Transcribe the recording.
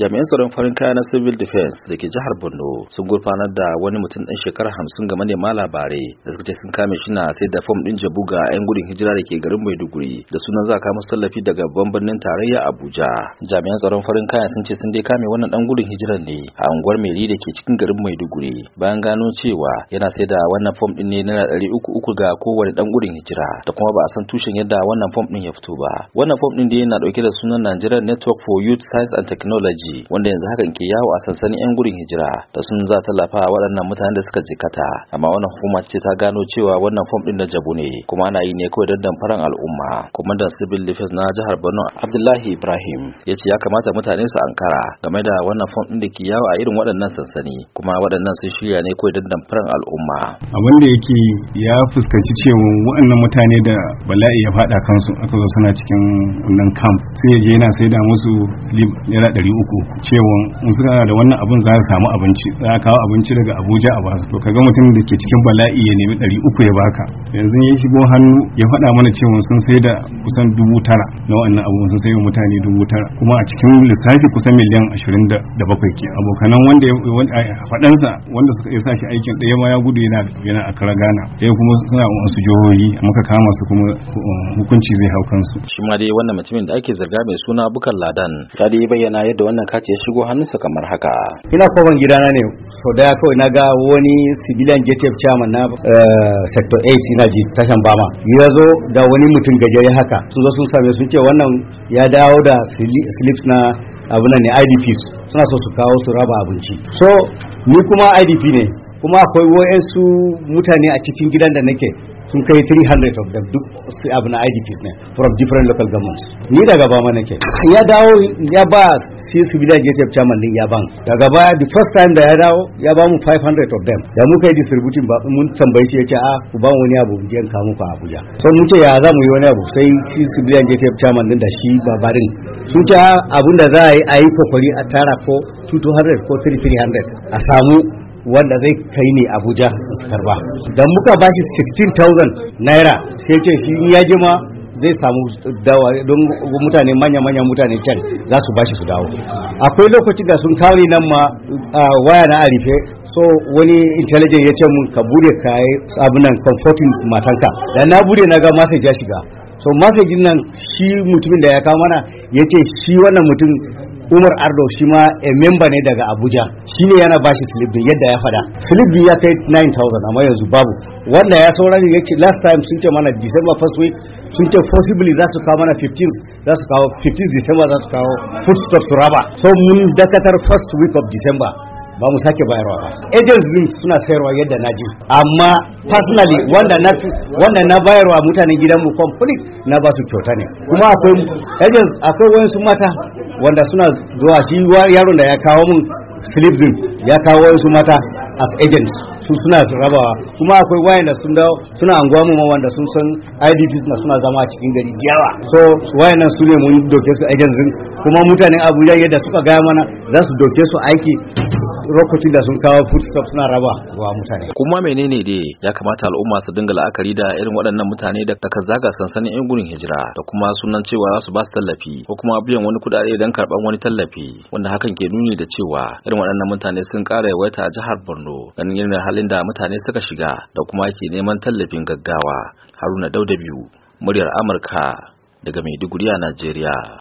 jami'an tsaron farin kaya na civil defense da ke jihar borno sun gurfanar da wani mutum ɗan shekara hamsin ga manema labarai da suka ce sun kame shi na sai da fom ɗin jabuga ga 'yan gudun hijira da ke garin maiduguri da sunan za kama tallafi daga babban birnin tarayya abuja jami'an tsaron farin kaya sun ce sun dai kame wannan dan gudun hijirar ne a unguwar meri da ke cikin garin maiduguri bayan gano cewa yana sai da wannan fom ɗin ne na ɗari uku uku ga kowane ɗan gudun hijira da kuma ba a san tushen yadda wannan fom ɗin ya fito ba wannan fom ɗin dai yana dauke da sunan Nigerian Network for Youth Science and Technology daji wanda yanzu hakan ke yawo a sansanin 'yan gurin hijira da sun za tallafa waɗannan mutanen da suka jikata amma wannan hukuma ce ta gano cewa wannan fom din na jabu ne kuma ana yi ne kawai don damfaran al'umma kwamandan civil defense na jihar borno abdullahi ibrahim ya ce ya kamata mutane su ankara game da wannan fom din da ke yawo a irin waɗannan sansani kuma waɗannan sun shirya ne kawai don damfaran al'umma abin da yake ya fuskanci cewa waɗannan mutane da bala'i ya faɗa kansu aka zo suna cikin wannan camp sai ya je yana da musu naira ɗari uku uku cewa in na da wannan abin za a samu abinci za kawo abinci daga abuja a basu to kaga mutum da ke cikin bala'i ya nemi ɗari uku ya baka yanzu ya shigo hannu ya faɗa mana cewa sun sai da kusan dubu tara na wannan abubuwan sun sai mutane dubu tara kuma a cikin lissafi kusan miliyan ashirin da bakwai ke abokanan wanda ya faɗansa wanda suka sa shi aikin ɗaya ma ya gudu yana yana a kara gana ɗaya kuma suna wasu jihohi muka kama su kuma um, hukunci zai hau kansu. shi ma dai wannan mutumin da ake zarga mai suna bukar ladan ta dai bayyana yadda wannan wannan kati ya shigo hannunsa kamar haka ina koban gidana ne so ya kawai na ga wani civilian jtf chairman na eh, sector 8 ina ji tashan bama ya zo da wani mutum gajere haka sun zo sun same sun ce wannan ya dawo da slips na abunan ne idp suna so su kawo su raba abinci so ni kuma idp ne kuma akwai wayansu mutane a cikin gidan da nake sun kai 300 of them duk su abu na idp ne from different local governments ni daga ba mana ke ya dawo ya ba sai su je ta chairman din ya ban daga baya the first time da ya dawo ya ba mu 500 of them da muka yi distributing ba mun tambaye shi yace a ah, ku ba wani abu je ka kawo Abuja so mun ce ya za mu yi wani abu sai shi su je ta chairman din da shi babarin sun ta ah, abun da za a yi a yi kokari a tara ko 200 ko 300 a samu wanda zai kai ne abuja su karba dan muka bashi 16,000 naira sai ce shi ya jima zai samu dawa don mutane manya-manya mutane can za su bashi su dawo akwai lokacin da sun kawo nan ma waya na arife so wani intelligent ya ce mun ka bude ka yi abinan comforting matanka da na bude na ga message ya shiga so message nan shi mutumin da ya kawo mana ya ce shi wannan mutum umar ardo shi ma a memba ne daga abuja shi ne yana bashi filibin yadda ya fada filibin ya kai 9000 amma yanzu babu Wanda ya saura ne yake last time sun ce mana december first week sun ce possibly za su kawo mana 15 za su kawo 15 december za su kawo footstop to raba so mun dakatar first week of december ba mu sake bayarwa ba agents din suna sayarwa yadda na ji amma personally wanda na wanda na bayarwa mutanen mu complete na ba su kyauta ne kuma akwai agents akwai wayansu mata wanda suna zuwa shi yaron da ya kawo mun slip din ya kawo wayansu mata as agents su suna su rabawa kuma akwai wayanda sun dawo suna anguwa ma wanda sun san IDP na suna zama a cikin gari yawa so wayannan su ne mun doke su a yanzu kuma mutanen Abuja yadda suka gaya mana za su doke su aiki lokacin da sun kawo foodstuff suna raba wa mutane kuma menene dai ya kamata al'umma su dinga la'akari da irin waɗannan mutane da ta zaga sansanin yan gurin hijira da kuma sunan cewa za su ba su tallafi ko kuma biyan wani kuɗaɗe don karɓan wani tallafi wanda hakan ke nuni da cewa irin waɗannan mutane sun ƙara yawaita a jihar Borno ganin irin halin da mutane suka shiga da kuma ke neman tallafin gaggawa Haruna Dauda biyu muryar Amurka daga Maiduguri a Najeriya